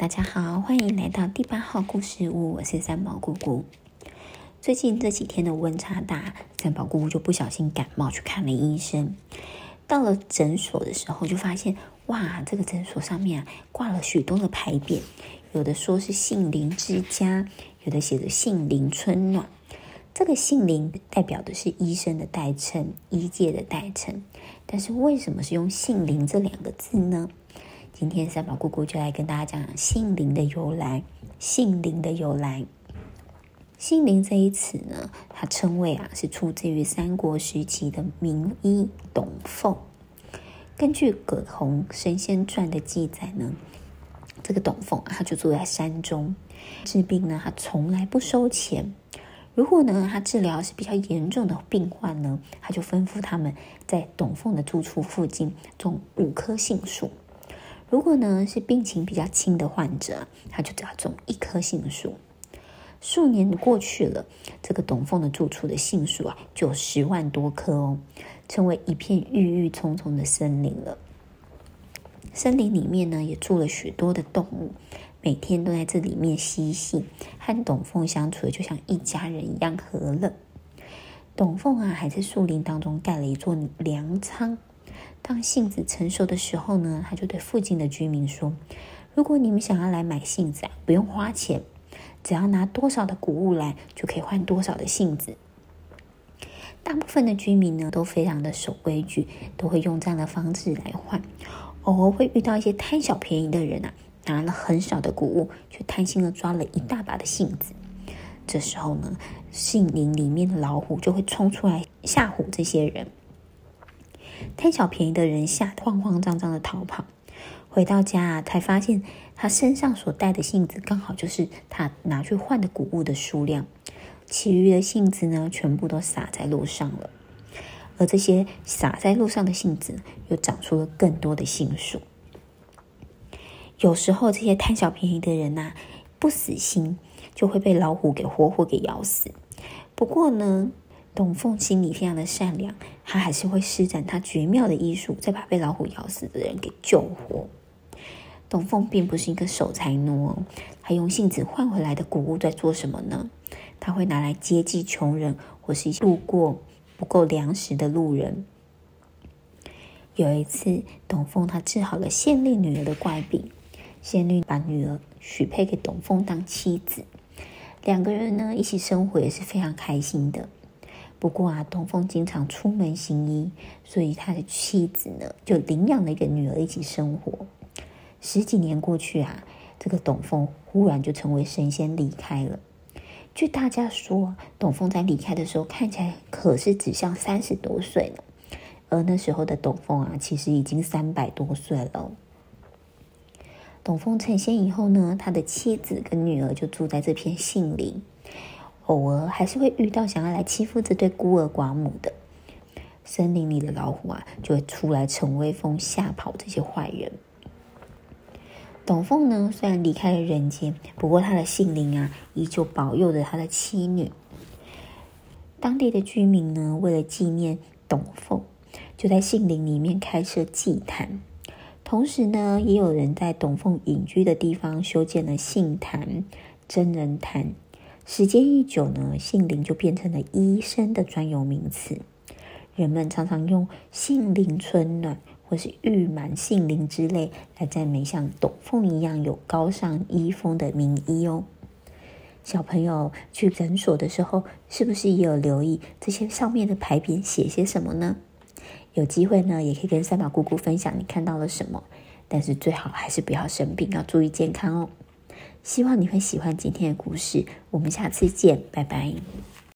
大家好，歡迎來到第八號故事屋，我是三寶菇菇。最近這幾天的溫差大，三寶菇菇就不小心感冒，去看了醫生。到了診所的時候，就發現，哇，這個診所上面啊，掛了許多的牌匾，有的說是“杏林之家”，有的寫着“杏林春暖”。這個“杏林”代表的是醫生的代稱，醫界的代稱。但是為什麼是用“杏林”這兩個字呢？今天三寶姑姑就來跟大家講杏林的由來。杏林的由來，杏林這一詞呢，它稱謂啊是出自於三國時期的名醫董奉。根據葛洪《神仙傳》的記載呢，這個董奉啊，他就住在山中治病呢，他從來不收錢。如果呢他治療是比較嚴重的病患呢，他就吩咐他們在董奉的住處附近種五棵杏樹。如果呢是病情比較輕的患者，他就只要種一棵杏樹。數年過去了，這個董奉的住處的杏樹啊，就有十萬多棵哦，成為一片鬱鬱蔥蔥的森林了。森林裡面呢，也住了許多的動物，每天都在這裡面嬉戲，和董奉相處的就像一家人一樣和樂。董奉啊，還在樹林當中蓋了一座糧倉。當杏子成熟的時候呢，他就對附近的居民說：“如果你們想要來買杏子啊，不用花錢，只要拿多少的穀物來，就可以換多少的杏子。”大部分的居民呢，都非常的守規矩，都會用這樣的方式來換。偶爾會遇到一些貪小便宜的人啊，拿了很少的穀物，就貪心的抓了一大把的杏子。這時候呢，杏林裡面的老虎就會衝出來嚇唬這些人。貪小便宜的人嚇得慌慌張張的逃跑，回到家才發現他身上所帶的杏子剛好就是他拿去換的谷物的數量，其餘的杏子呢，全部都灑在路上了。而這些灑在路上的杏子，又長出了更多的杏樹。有時候這些貪小便宜的人吶、啊，不死心，就會被老虎給活活給咬死。不過呢，董奉心裡非常的善良，他還是會施展他絕妙的醫術，再把被老虎咬死的人給救活。董奉並不是一個守財奴哦，他用杏子換回來的穀物在做什麼呢？他會拿來接濟窮人，或是一路過不夠糧食的路人。有一次，董奉他治好了縣令女兒的怪病，縣令把女兒許配給董奉當妻子，兩個人呢一起生活也是非常開心的。不過啊，董奉經常出門行醫，所以他的妻子呢就領養了一個女兒一起生活。十幾年過去啊，這個董奉忽然就成為神仙離開了。據大家說，董奉在離開的時候看起來可是只像三十多歲了，而那時候的董奉啊，其實已經三百多歲了。董奉成仙以後呢，他的妻子跟女兒就住在這片杏林。偶爾還是會遇到想要來欺負這對孤兒寡母的，森林裡的老虎啊，就會出來逞威風，嚇跑這些壞人。董奉呢，雖然離開了人間，不過他的杏林啊，依舊保佑着他的妻女。當地的居民呢，為了紀念董奉，就在杏林裡面開設祭壇，同時呢，也有人在董奉隱居的地方修建了杏壇、真人壇。時間一久呢，杏林就變成了醫生的專有名詞。人們常常用“杏林春暖”或是“譽滿杏林”之類來讚美像董奉一樣有高尚醫風的名醫哦，小朋友去診所的時候，是不是也有留意這些上面的牌匾寫些什麼呢？有機會呢，也可以跟三寶姑姑分享你看到了什麼。但是最好還是不要生病，要注意健康哦。希望你會喜歡今天的故事，我們下次見，拜拜。